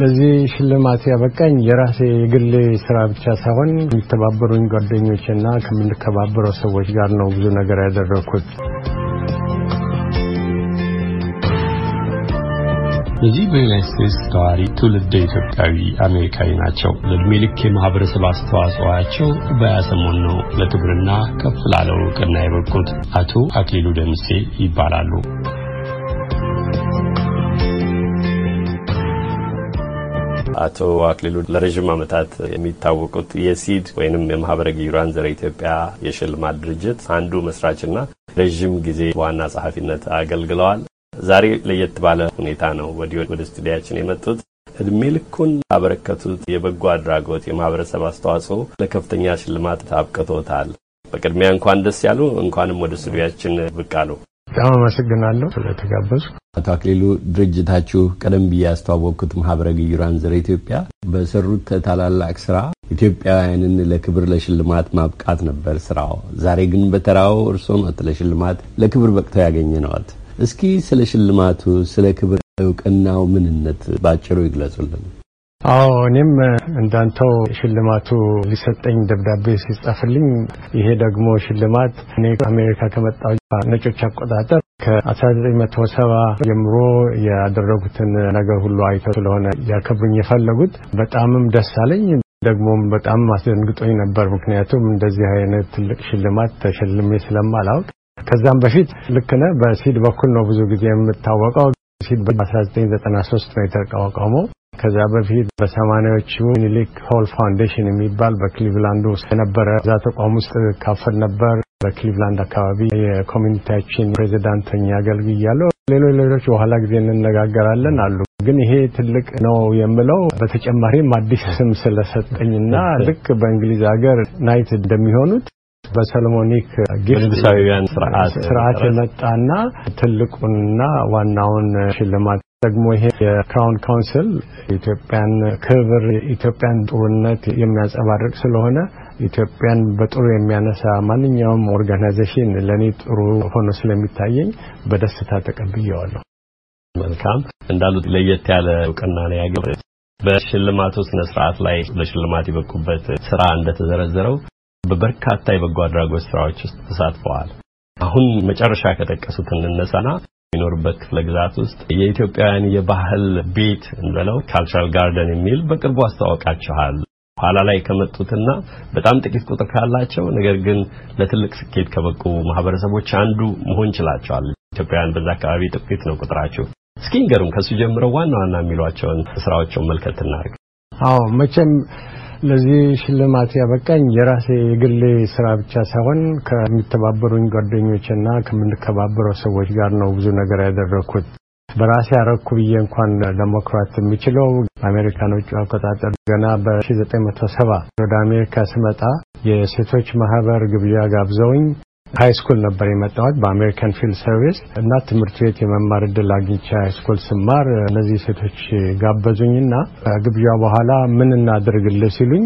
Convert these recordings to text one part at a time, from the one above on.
ለዚህ ሽልማት ያበቃኝ የራሴ የግል ስራ ብቻ ሳይሆን የሚተባበሩኝ ጓደኞችና ከምንተባበረው ሰዎች ጋር ነው ብዙ ነገር ያደረኩት። እዚህ በዩናይት ስቴትስ ተዋሪ ትውልደ ኢትዮጵያዊ አሜሪካዊ ናቸው። ለእድሜ ልክ የማህበረሰብ አስተዋጽኦአቸው በያሰሞን ነው ለክብርና ከፍ ላለው እውቅና የበቁት። አቶ አክሊሉ ደምሴ ይባላሉ። አቶ አክሊሉ ለረዥም ዓመታት የሚታወቁት የሲድ ወይንም የማህበረ ጊዩራን ዘረ ኢትዮጵያ የሽልማት ድርጅት አንዱ መስራችና ረዥም ጊዜ በዋና ጸሐፊነት አገልግለዋል። ዛሬ ለየት ባለ ሁኔታ ነው ወዲ ወደ ስቱዲያችን የመጡት። እድሜ ልኩን አበረከቱት የበጎ አድራጎት የማህበረሰብ አስተዋጽኦ ለከፍተኛ ሽልማት አብቅቶታል። በቅድሚያ እንኳን ደስ ያሉ፣ እንኳንም ወደ ስቱዲያችን ብቅ አሉ። በጣም አመሰግናለሁ ስለተጋበዙ። አቶ አክሊሉ ድርጅታችሁ ቀደም ብዬ ያስተዋወቅኩት ማህበረ ግዩራን ዘረ ኢትዮጵያ በሰሩት ታላላቅ ስራ ኢትዮጵያውያንን ለክብር ለሽልማት ማብቃት ነበር ስራው። ዛሬ ግን በተራው እርስዎ ነዎት ለሽልማት ለክብር በቅተው ያገኘ ነዎት። እስኪ ስለ ሽልማቱ ስለ ክብር እውቅናው ምንነት በአጭሩ ይግለጹልን። አዎ እኔም እንዳንተው ሽልማቱ ሊሰጠኝ ደብዳቤ ሲጻፍልኝ ይሄ ደግሞ ሽልማት እኔ አሜሪካ ከመጣሁ ነጮች አቆጣጠር ከ1970 ጀምሮ ያደረጉትን ነገር ሁሉ አይተ ስለሆነ ያከብሩኝ የፈለጉት በጣምም ደስ አለኝ። ደግሞም በጣም አስደንግጦኝ ነበር። ምክንያቱም እንደዚህ አይነት ትልቅ ሽልማት ተሸልሜ ስለማላውቅ ከዛም በፊት ልክነ በሲድ በኩል ነው ብዙ ጊዜ የምታወቀው ሲል በ1993 ነው የተቋቋመው። ከዛ በፊት በሰማኒያዎቹ ሚኒሊክ ሆል ፋውንዴሽን የሚባል በክሊቭላንድ ውስጥ የነበረ እዛ ተቋም ውስጥ ካፈል ነበር። በክሊቭላንድ አካባቢ የኮሚኒቲያችን ፕሬዚዳንት ሆኜ አገልግያለሁ። ሌሎች ሌሎች በኋላ ጊዜ እንነጋገራለን አሉ። ግን ይሄ ትልቅ ነው የምለው በተጨማሪም አዲስ ስም ስለሰጠኝና ልክ በእንግሊዝ ሀገር ናይት እንደሚሆኑት በሰለሞኒክ በንጉሳዊያን ስርዓት ስርዓት የመጣና ትልቁንና ዋናውን ሽልማት ደግሞ ይሄ የክራውን ካውንስል ኢትዮጵያን ክብር፣ ኢትዮጵያን ጥሩነት የሚያንጸባርቅ ስለሆነ ኢትዮጵያን በጥሩ የሚያነሳ ማንኛውም ኦርጋናይዜሽን ለእኔ ጥሩ ሆኖ ስለሚታየኝ በደስታ ተቀብያዋለሁ መልካም እንዳሉት ለየት ያለ እውቅና ነው ያገኘው። በሽልማቱ ስነ ስርዓት ላይ ለሽልማት የበቁበት ስራ እንደተዘረዘረው በበርካታ የበጎ አድራጎት ስራዎች ውስጥ ተሳትፈዋል። አሁን መጨረሻ ከጠቀሱት እንነሳና የሚኖርበት ክፍለ ግዛት ውስጥ የኢትዮጵያውያን የባህል ቤት እንበለው ካልቸራል ጋርደን የሚል በቅርቡ አስተዋውቃችኋል። ኋላ ላይ ከመጡትና በጣም ጥቂት ቁጥር ካላቸው ነገር ግን ለትልቅ ስኬት ከበቁ ማህበረሰቦች አንዱ መሆን ችላቸዋል። ኢትዮጵያውያን በዛ አካባቢ ጥቂት ነው ቁጥራቸው። እስኪ ንገሩን ከሱ ጀምረው ዋና ዋና የሚሏቸውን ስራዎችን መልከት እናድርግ። አዎ መቼም ለዚህ ሽልማት ያበቃኝ የራሴ የግሌ ስራ ብቻ ሳይሆን ከሚተባበሩኝ ጓደኞችና ከምንከባበረው ሰዎች ጋር ነው ብዙ ነገር ያደረግኩት። በራሴ አረኩ ብዬ እንኳን ለመኩራት የሚችለው አሜሪካኖቹ አቆጣጠር ገና በ1970 ወደ አሜሪካ ስመጣ የሴቶች ማህበር ግብዣ ጋብዘውኝ ሃይስኩል ነበር የመጣሁት በአሜሪካን ፊልድ ሰርቪስ እና ትምህርት ቤት የመማር እድል አግኝቼ ስኩል ስማር እነዚህ ሴቶች ጋበዙኝና ግብዣ በኋላ ምን እናድርግልህ ሲሉኝ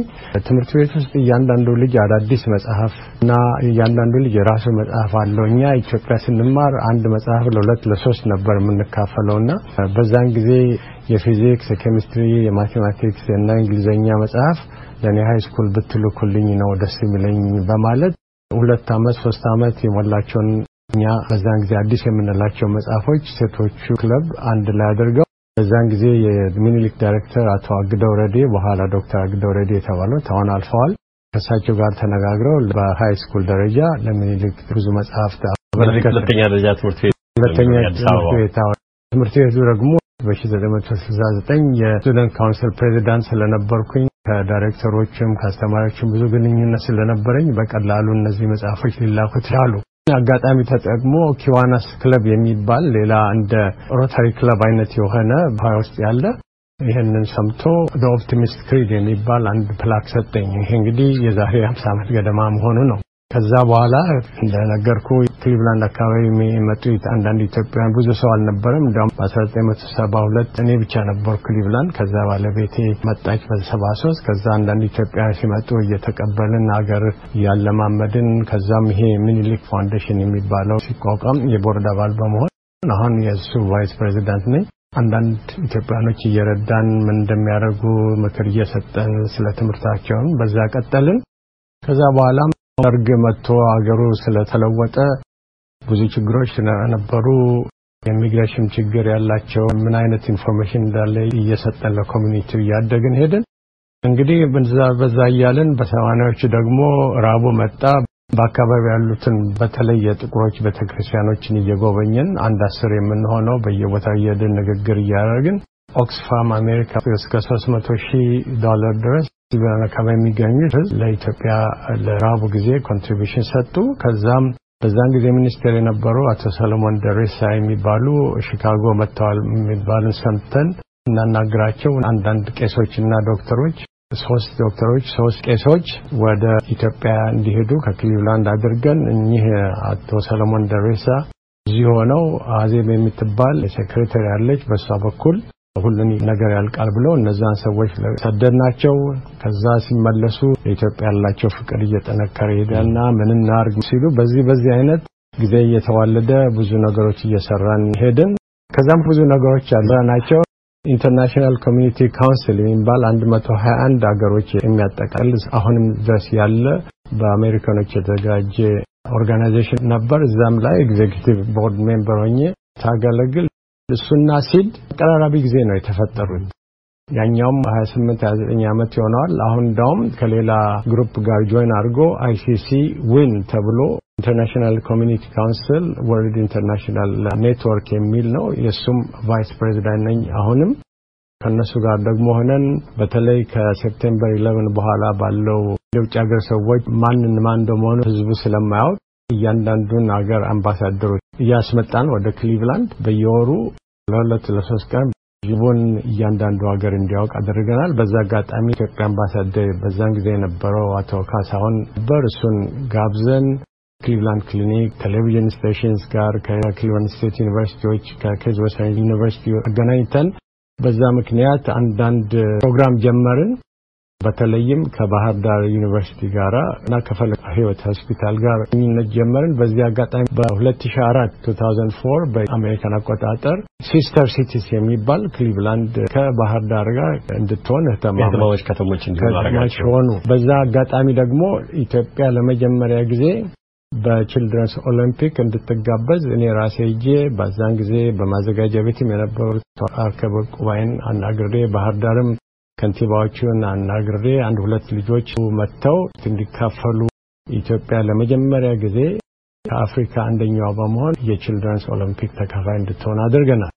ትምህርት ቤት ውስጥ እያንዳንዱ ልጅ አዳዲስ መጽሐፍ እና እያንዳንዱ ልጅ የራሱ መጽሐፍ አለው። እኛ ኢትዮጵያ ስንማር አንድ መጽሐፍ ለሁለት ለሶስት ነበር የምንካፈለውና በዛን ጊዜ የፊዚክስ፣ የኬሚስትሪ፣ የማቴማቲክስ እና እንግሊዝኛ መጽሐፍ ለእኔ ሃይስኩል ብትልኩልኝ ነው ደስ የሚለኝ በማለት ሁለት ዓመት ሶስት አመት የሞላቸውን እኛ በዛን ጊዜ አዲስ የምንላቸው መጽሐፎች ሴቶቹ ክለብ አንድ ላይ አድርገው በዛን ጊዜ የሚኒሊክ ዳይሬክተር አቶ አግደው ረዴ በኋላ ዶክተር አግደው ረዴ የተባሉት አሁን አልፈዋል። ከእሳቸው ጋር ተነጋግረው በሃይ ስኩል ደረጃ ለሚኒሊክ ብዙ መጽሐፍት ሁለተኛ ደረጃ ትምህርት ቤት ሁለተኛ ትምህርት ቤቱ ደግሞ በ1969 የስቱደንት ካውንስል ፕሬዚዳንት ስለነበርኩኝ ከዳይሬክተሮችም ከአስተማሪዎችም ብዙ ግንኙነት ስለነበረኝ በቀላሉ እነዚህ መጽሐፎች ሊላኩ ይችላሉ። አጋጣሚ ተጠቅሞ ኪዋናስ ክለብ የሚባል ሌላ እንደ ሮታሪ ክለብ አይነት የሆነ ባይ ውስጥ ያለ ይህንን ሰምቶ ኦፕቲሚስት ክሪድ የሚባል አንድ ፕላክ ሰጠኝ። ይሄ እንግዲህ የዛሬ ሀምሳ ዓመት ገደማ መሆኑ ነው። ከዛ በኋላ እንደነገርኩ ክሊቭላንድ አካባቢ የመጡ አንዳንድ ኢትዮጵያውያን ብዙ ሰው አልነበረም። እንዲሁም በ1972 እኔ ብቻ ነበሩ ክሊቭላንድ። ከዛ ባለቤቴ መጣች በ73 ከዛ አንዳንድ ኢትዮጵያ ሲመጡ እየተቀበልን ሀገር እያለማመድን ከዛም ይሄ ሚኒሊክ ፋውንዴሽን የሚባለው ሲቋቋም የቦርድ አባል በመሆን አሁን የእሱ ቫይስ ፕሬዚዳንት ነኝ። አንዳንድ ኢትዮጵያኖች እየረዳን ምን እንደሚያደርጉ ምክር እየሰጠን ስለ ትምህርታቸውን በዛ ቀጠልን። ከዛ በኋላም ደርግ መጥቶ ሀገሩ ስለተለወጠ ብዙ ችግሮች ነበሩ። የኢሚግሬሽን ችግር ያላቸው ምን አይነት ኢንፎርሜሽን እንዳለ እየሰጠን ለኮሚኒቲው እያደግን ሄድን። እንግዲህ በዛ እያልን በሰማንያዎቹ ደግሞ ራቡ መጣ። በአካባቢ ያሉትን በተለይ የጥቁሮች ቤተክርስቲያኖችን እየጎበኘን አንድ አስር የምንሆነው በየቦታው እየሄድን ንግግር እያደረግን ኦክስፋም አሜሪካ እስከ ሶስት መቶ ሺህ ዶላር ድረስ በረን አካባቢ የሚገኙ ህዝብ ለኢትዮጵያ ለረሃቡ ጊዜ ኮንትሪቢሽን ሰጡ። ከዛም በዛን ጊዜ ሚኒስቴር የነበሩ አቶ ሰለሞን ደሬሳ የሚባሉ ሺካጎ መጥተዋል የሚባልን ሰምተን እናናግራቸው አንዳንድ ቄሶች እና ዶክተሮች ሶስት ዶክተሮች ሶስት ቄሶች ወደ ኢትዮጵያ እንዲሄዱ ከክሊቭላንድ አድርገን እኚህ አቶ ሰለሞን ደሬሳ እዚህ ሆነው አዜብ የምትባል ሴክሬታሪ አለች በእሷ በኩል ሁሉም ነገር ያልቃል ብለው እነዛን ሰዎች ሰደድናቸው። ከዛ ሲመለሱ ለኢትዮጵያ ያላቸው ፍቅር እየጠነከረ ሄደና ምን እናርግ ሲሉ በዚህ በዚህ አይነት ጊዜ እየተዋለደ ብዙ ነገሮች እየሰራን ሄድን። ከዛም ብዙ ነገሮች አለ ናቸው። ኢንተርናሽናል ኮሚኒቲ ካውንስል የሚባል 121 ሀገሮች የሚያጠቃል አሁንም ድረስ ያለ በአሜሪካኖች የተዘጋጀ ኦርጋናይዜሽን ነበር። እዛም ላይ ኤግዜኪቲቭ ቦርድ ሜምበር ሆኜ ታገለግል እሱና ሲድ ተቀራራቢ ጊዜ ነው የተፈጠሩት። ያኛውም 28 29 ዓመት ይሆነዋል። አሁን እንዳውም ከሌላ ግሩፕ ጋር ጆይን አድርጎ አይሲሲ ዊን ተብሎ ኢንተርናሽናል ኮሚኒቲ ካውንስል ወርልድ ኢንተርናሽናል ኔትወርክ የሚል ነው። የእሱም ቫይስ ፕሬዚዳንት ነኝ። አሁንም ከእነሱ ጋር ደግሞ ሆነን በተለይ ከሴፕቴምበር 11 በኋላ ባለው የውጭ ሀገር ሰዎች ማንን ማን እንደመሆኑ ህዝቡ ስለማያውቅ እያንዳንዱን ሀገር አምባሳደሮች እያስመጣን ወደ ክሊቭላንድ በየወሩ ለሁለት ለሶስት ቀን ግቡን እያንዳንዱ ሀገር እንዲያውቅ አድርገናል። በዛ አጋጣሚ ኢትዮጵያ አምባሳደር በዛን ጊዜ የነበረው አቶ ካሳሁን ነበር። እሱን ጋብዘን ክሊቭላንድ ክሊኒክ ቴሌቪዥን ስቴሽንስ ጋር ከክሊቭላንድ ስቴት ዩኒቨርሲቲዎች ከኬዝ ዌስተርን ዩኒቨርሲቲ አገናኝተን በዛ ምክንያት አንዳንድ ፕሮግራም ጀመርን። በተለይም ከባህር ዳር ዩኒቨርሲቲ ጋራ እና ከፈለገ ህይወት ሆስፒታል ጋር ግንኙነት ጀመርን። በዚህ አጋጣሚ በ2004 2004 በአሜሪካን አቆጣጠር ሲስተር ሲቲስ የሚባል ክሊቭላንድ ከባህር ዳር ጋር እንድትሆን ህተማዎች ከተሞች ከተሞች ሆኑ። በዛ አጋጣሚ ደግሞ ኢትዮጵያ ለመጀመሪያ ጊዜ በችልድረንስ ኦሎምፒክ እንድትጋበዝ እኔ ራሴ እጄ በዛን ጊዜ በማዘጋጃ ቤትም የነበሩት አርከበ ቁባይን አናግሬ ባህር ዳርም ከንቲባዎቹን አናግሬ አንድ ሁለት ልጆች መጥተው እንዲካፈሉ ኢትዮጵያ ለመጀመሪያ ጊዜ ከአፍሪካ አንደኛዋ በመሆን የቺልድረንስ ኦሎምፒክ ተካፋይ እንድትሆን አድርገናል።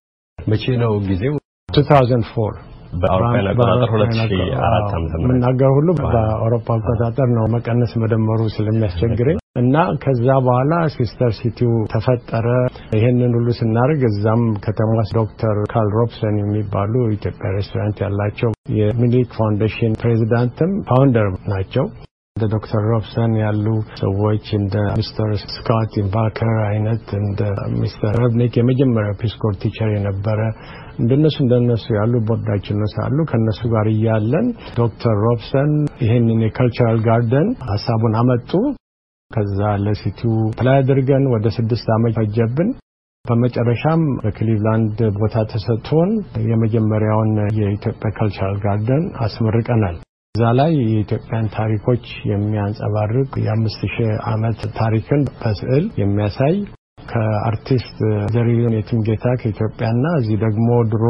መቼ ነው ጊዜው? 2004 በአውሮፓ አቆጣጠር 2004 ዓ.ም የምናገር ሁሉ በአውሮፓ አቆጣጠር ነው። መቀነስ መደመሩ ስለሚያስቸግረኝ እና ከዛ በኋላ ሲስተር ሲቲው ተፈጠረ። ይህንን ሁሉ ስናደርግ እዛም ከተማ ዶክተር ካል ሮብሰን የሚባሉ ኢትዮጵያ ሬስቶራንት ያላቸው የሚሊክ ፋውንዴሽን ፕሬዚዳንትም ፋውንደር ናቸው። እንደ ዶክተር ሮብሰን ያሉ ሰዎች እንደ ሚስተር ስካት ባከር አይነት እንደ ሚስተር ረብኒክ የመጀመሪያ ፒስኮር ቲቸር የነበረ እንደነሱ እንደነሱ ያሉ ቦርዳችን ውስጥ ከነሱ ጋር እያለን ዶክተር ሮብሰን ይህንን የካልቸራል ጋርደን ሀሳቡን አመጡ። ከዛ ለሲቲው ላይ አድርገን ወደ ስድስት ዓመት ፈጀብን። በመጨረሻም በክሊቭላንድ ቦታ ተሰጥቶን የመጀመሪያውን የኢትዮጵያ ካልቸራል ጋርደን አስመርቀናል። እዛ ላይ የኢትዮጵያን ታሪኮች የሚያንጸባርቅ የአምስት ሺህ ዓመት ታሪክን በስዕል የሚያሳይ ከአርቲስት ዘሪሁን የትምጌታ ከኢትዮጵያና እዚህ ደግሞ ድሮ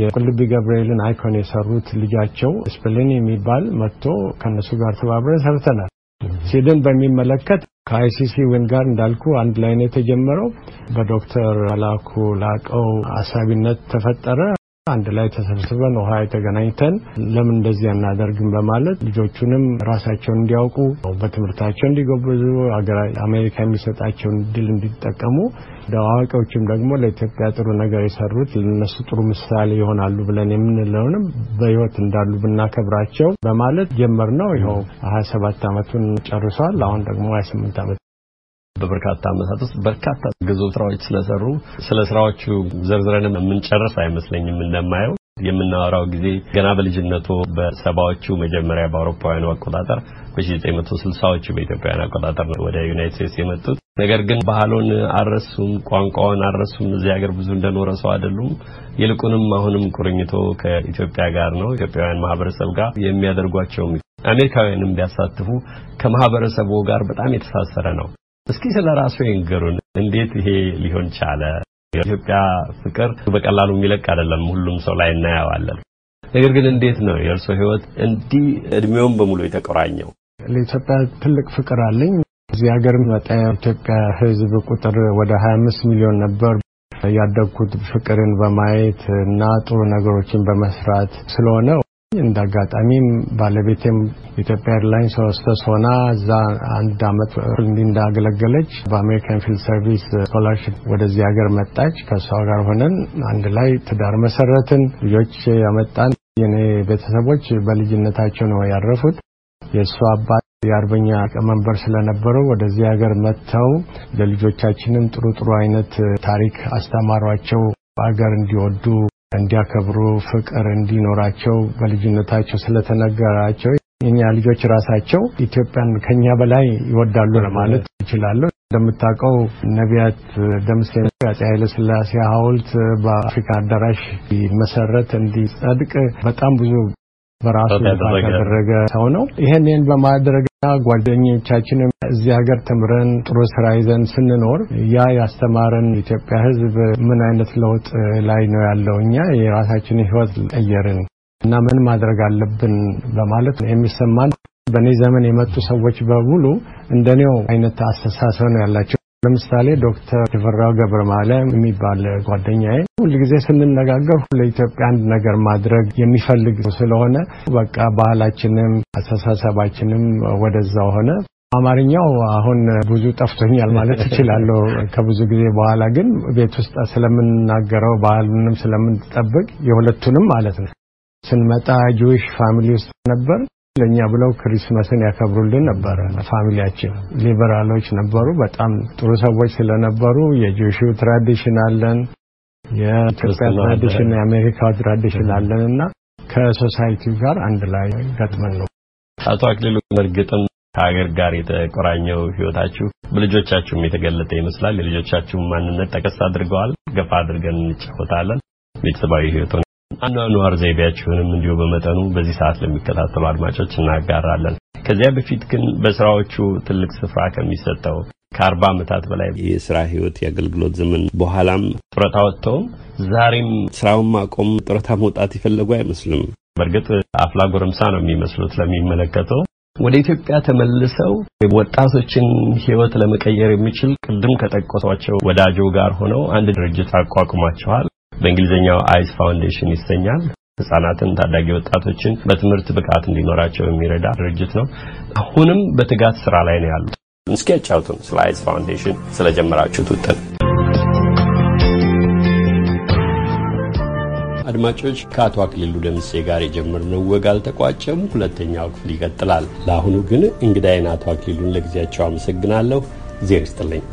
የቁልቢ ገብርኤልን አይኮን የሰሩት ልጃቸው ስፕሊን የሚባል መጥቶ ከእነሱ ጋር ተባብረን ሰርተናል። ሲድን በሚመለከት ከአይሲሲ ዊን ጋር እንዳልኩ አንድ ላይ ነው የተጀመረው። በዶክተር መላኩ ላቀው አሳቢነት ተፈጠረ። አንድ ላይ ተሰብስበን ውሃ የተገናኝተን ለምን እንደዚህ አናደርግም በማለት ልጆቹንም ራሳቸውን እንዲያውቁ በትምህርታቸው እንዲጎበዙ አሜሪካ የሚሰጣቸውን ድል እንዲጠቀሙ አዋቂዎችም ደግሞ ለኢትዮጵያ ጥሩ ነገር የሰሩት ለነሱ ጥሩ ምሳሌ ይሆናሉ ብለን የምንለውንም በህይወት እንዳሉ ብናከብራቸው በማለት ጀመር ነው። ይኸው ሀያ ሰባት አመቱን ጨርሷል። አሁን ደግሞ ሀያ ስምንት አመት በበርካታ ዓመታት ውስጥ በርካታ ግዙፍ ስራዎች ስለሰሩ ስለ ስራዎቹ ዘርዝረንም የምንጨርስ አይመስለኝም እንደማየው የምናወራው ጊዜ ገና በልጅነቱ በሰባዎቹ መጀመሪያ በአውሮፓውያኑ አቆጣጠር በ1960ዎቹ በኢትዮጵያውያን አቆጣጠር ወደ ዩናይት ስቴትስ የመጡት ነገር ግን ባህሉን አልረሱም፣ ቋንቋውን አልረሱም። እዚህ ሀገር ብዙ እንደኖረ ሰው አይደሉም። ይልቁንም አሁንም ቁርኝቶ ከኢትዮጵያ ጋር ነው። ኢትዮጵያውያን ማህበረሰብ ጋር የሚያደርጓቸው አሜሪካውያንም ቢያሳትፉ ከማህበረሰቡ ጋር በጣም የተሳሰረ ነው። እስኪ ስለ ራሱ ይንገሩን። እንዴት ይሄ ሊሆን ቻለ? የኢትዮጵያ ፍቅር በቀላሉ የሚለቅ አይደለም። ሁሉም ሰው ላይ እናየዋለን። ነገር ግን እንዴት ነው የእርስዎ ህይወት እንዲህ እድሜውን በሙሉ የተቆራኘው? ለኢትዮጵያ ትልቅ ፍቅር አለኝ። እዚህ ሀገር መጣ የኢትዮጵያ ህዝብ ቁጥር ወደ 25 ሚሊዮን ነበር። ያደግኩት ፍቅርን በማየት እና ጥሩ ነገሮችን በመስራት ስለሆነ እንደ አጋጣሚም ባለቤቴም ኢትዮጵያ ኤርላይንስ ሆስተስ ሆና እዛ አንድ አመት እንዲ እንዳገለገለች በአሜሪካን ፊልድ ሰርቪስ ስኮላርሽፕ ወደዚህ ሀገር መጣች። ከእሷ ጋር ሆነን አንድ ላይ ትዳር መሰረትን፣ ልጆች ያመጣን። የኔ ቤተሰቦች በልጅነታቸው ነው ያረፉት። የእሷ አባት የአርበኛ ሊቀመንበር ስለነበሩ ወደዚህ ሀገር መጥተው ለልጆቻችንም ጥሩ ጥሩ አይነት ታሪክ አስተማሯቸው። አገር እንዲወዱ እንዲያከብሩ ፍቅር እንዲኖራቸው በልጅነታቸው ስለተነገራቸው የኛ ልጆች ራሳቸው ኢትዮጵያን ከኛ በላይ ይወዳሉ ለማለት ይችላሉ። እንደምታውቀው ነቢያት ደምሴ አፄ ኃይለ ሥላሴ ሐውልት በአፍሪካ አዳራሽ መሰረት እንዲጸድቅ በጣም ብዙ በራሱ ያደረገ ሰው ነው። ይህንን በማድረግ ጓደኞቻችንም እዚህ ሀገር ተምረን ጥሩ ስራ ይዘን ስንኖር ያ ያስተማረን ኢትዮጵያ ሕዝብ ምን አይነት ለውጥ ላይ ነው ያለው? እኛ የራሳችንን ህይወት ቀየርን እና ምን ማድረግ አለብን በማለት የሚሰማን በእኔ ዘመን የመጡ ሰዎች በሙሉ እንደኔው አይነት አስተሳሰብ ነው ያላቸው። ለምሳሌ ዶክተር ሽፈራው ገብረ ማርያም የሚባል ጓደኛዬ ሁልጊዜ ስንነጋገር ለኢትዮጵያ አንድ ነገር ማድረግ የሚፈልግ ስለሆነ በቃ ባህላችንም አስተሳሰባችንም ወደዛ ሆነ። አማርኛው አሁን ብዙ ጠፍቶኛል ማለት እችላለሁ። ከብዙ ጊዜ በኋላ ግን ቤት ውስጥ ስለምንናገረው ባህሉንም ስለምንጠብቅ የሁለቱንም ማለት ነው። ስንመጣ ጁዊሽ ፋሚሊ ውስጥ ነበር። ለኛ ብለው ክሪስመስን ያከብሩልን ነበረ። ፋሚሊያችን ሊበራሎች ነበሩ። በጣም ጥሩ ሰዎች ስለነበሩ የጆሹ ትራዲሽን አለን፣ የኢትዮጵያ ትራዲሽን፣ የአሜሪካ ትራዲሽን አለን እና ከሶሳይቲው ጋር አንድ ላይ ገጥመን ነው። አቶ አክሊሉ እርግጥም ከሀገር ጋር የተቆራኘው ህይወታችሁ በልጆቻችሁም የተገለጠ ይመስላል። የልጆቻችሁም ማንነት ጠቀስ አድርገዋል። ገፋ አድርገን እንጫወታለን ቤተሰባዊ ህይወት አኗኗር ዘይቤያችሁንም እንዲሁ በመጠኑ በዚህ ሰዓት ለሚከታተሉ አድማጮች እናጋራለን። ከዚያ በፊት ግን በስራዎቹ ትልቅ ስፍራ ከሚሰጠው ከአርባ ዓመታት በላይ የስራ ህይወት የአገልግሎት ዘመን በኋላም ጡረታ ወጥተውም ዛሬም ስራውን ማቆም ጡረታ መውጣት ይፈለጉ አይመስልም። በእርግጥ አፍላ ጎረምሳ ነው የሚመስሉት ለሚመለከተው። ወደ ኢትዮጵያ ተመልሰው ወጣቶችን ህይወት ለመቀየር የሚችል ቅድም ከጠቀሷቸው ወዳጆ ጋር ሆነው አንድ ድርጅት አቋቁማችኋል። በእንግሊዝኛው አይስ ፋውንዴሽን ይሰኛል። ህጻናትን፣ ታዳጊ ወጣቶችን በትምህርት ብቃት እንዲኖራቸው የሚረዳ ድርጅት ነው። አሁንም በትጋት ስራ ላይ ነው ያሉት። እስኪ ያጫውቱን ስለ አይስ ፋውንዴሽን ስለጀመራችሁት ውጥን። አድማጮች ከአቶ አክሊሉ ደምሴ ጋር የጀመርነው ወግ አልተቋጨም። ሁለተኛው ክፍል ይቀጥላል። ለአሁኑ ግን እንግዳይን አቶ አክሊሉን ለጊዜያቸው አመሰግናለሁ። እግዜር ይስጥልኝ።